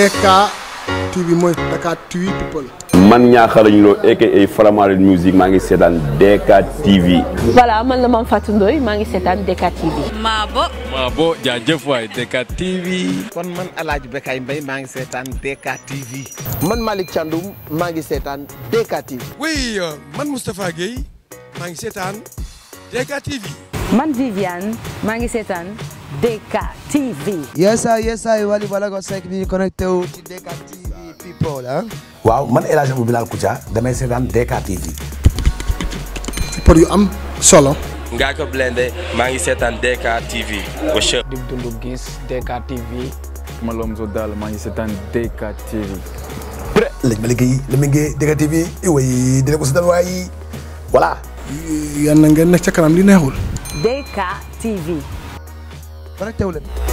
DKTV mooy Dakar TV man ñaaxarañ loo aka Faramareen musique maa ngi seetaan DKTV. voilà man la Mame Fatou maa ngi seetaan DKTV. Maabo. Maabo jaajëf waay DKTV. kon man El Hadj Bekay Mbaye maa ngi seetaan DKTV. man Malick Thiandoum maa ngi seetaan DKTV. oui euh, man Moustapha Guèye maa ngi seetaan DKTV. man Viviane maa ngi seetaan. DK TV. yes sir yes sir Wally Ballago Seck mi connecté wu ci DK TV waaw man El Hadj Abou Bilal Koutia damay seetaan DK TV. pour yu am solo. ngaa ko blende maa ngi seetaan DK TV. di dundu gis DK TV. Malom so daal maa ngi seetaan DK TV. pré lañ ma liggéey la mi ngi DK TV iwoy dina ko seetaan waay voilà. yal na ngeen nekk li neexul. DK TV. dara teew leen